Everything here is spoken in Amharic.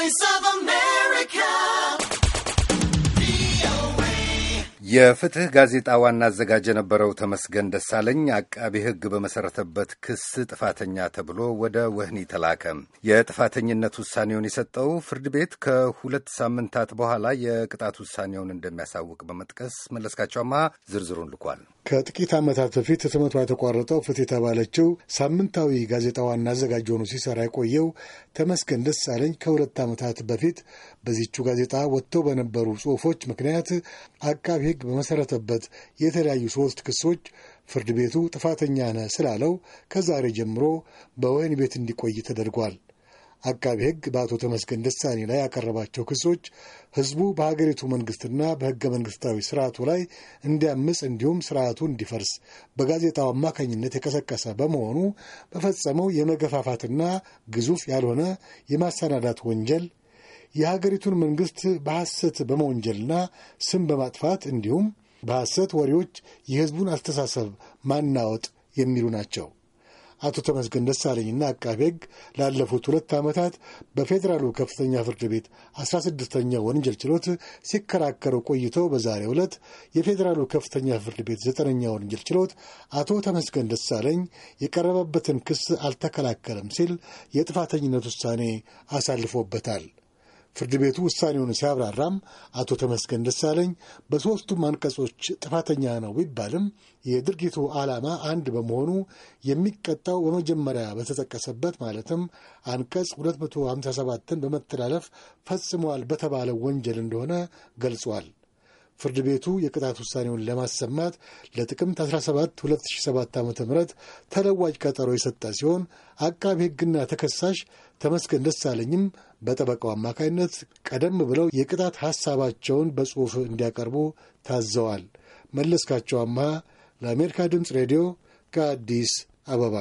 voice of የፍትህ ጋዜጣ ዋና አዘጋጅ የነበረው ተመስገን ደሳለኝ አቃቢ ሕግ በመሠረተበት ክስ ጥፋተኛ ተብሎ ወደ ወህኒ ተላከ። የጥፋተኝነት ውሳኔውን የሰጠው ፍርድ ቤት ከሁለት ሳምንታት በኋላ የቅጣት ውሳኔውን እንደሚያሳውቅ በመጥቀስ መለስካቸው አምሃ ዝርዝሩን ልኳል። ከጥቂት ዓመታት በፊት ህትመቷ የተቋረጠው ፍትህ የተባለችው ሳምንታዊ ጋዜጣ ዋና አዘጋጅ ሆኖ ሲሰራ የቆየው ተመስገን ደሳለኝ ከሁለት ዓመታት በፊት በዚቹ ጋዜጣ ወጥተው በነበሩ ጽሁፎች ምክንያት አቃቢ ሕግ ሕግ በመሠረተበት የተለያዩ ሦስት ክሶች ፍርድ ቤቱ ጥፋተኛ ነህ ስላለው ከዛሬ ጀምሮ በወህኒ ቤት እንዲቆይ ተደርጓል። አቃቢ ሕግ በአቶ ተመስገን ደሳኔ ላይ ያቀረባቸው ክሶች ሕዝቡ በሀገሪቱ መንግሥትና በሕገ መንግሥታዊ ስርዓቱ ላይ እንዲያምፅ እንዲሁም ስርዓቱ እንዲፈርስ በጋዜጣው አማካኝነት የቀሰቀሰ በመሆኑ በፈጸመው የመገፋፋትና ግዙፍ ያልሆነ የማሰናዳት ወንጀል የሀገሪቱን መንግስት በሐሰት በመወንጀልና ስም በማጥፋት እንዲሁም በሐሰት ወሬዎች የህዝቡን አስተሳሰብ ማናወጥ የሚሉ ናቸው። አቶ ተመስገን ደሳለኝና አቃቤ ሕግ ላለፉት ሁለት ዓመታት በፌዴራሉ ከፍተኛ ፍርድ ቤት አስራ ስድስተኛ ወንጀል ችሎት ሲከራከሩ ቆይተው በዛሬው ዕለት የፌዴራሉ ከፍተኛ ፍርድ ቤት ዘጠነኛ ወንጀል ችሎት አቶ ተመስገን ደሳለኝ የቀረበበትን ክስ አልተከላከለም ሲል የጥፋተኝነት ውሳኔ አሳልፎበታል። ፍርድ ቤቱ ውሳኔውን ሲያብራራም አቶ ተመስገን ደሳለኝ በሦስቱም አንቀጾች ጥፋተኛ ነው ቢባልም የድርጊቱ ዓላማ አንድ በመሆኑ የሚቀጣው በመጀመሪያ በተጠቀሰበት ማለትም አንቀጽ 257ን በመተላለፍ ፈጽሟል በተባለው ወንጀል እንደሆነ ገልጿል። ፍርድ ቤቱ የቅጣት ውሳኔውን ለማሰማት ለጥቅምት 17 2007 ዓ ም ተለዋጅ ቀጠሮ የሰጠ ሲሆን አቃቢ ሕግና ተከሳሽ ተመስገን ደሳለኝም በጠበቃው አማካይነት ቀደም ብለው የቅጣት ሐሳባቸውን በጽሑፍ እንዲያቀርቡ ታዘዋል። መለስካቸው አምሃ ለአሜሪካ ድምፅ ሬዲዮ ከአዲስ አበባ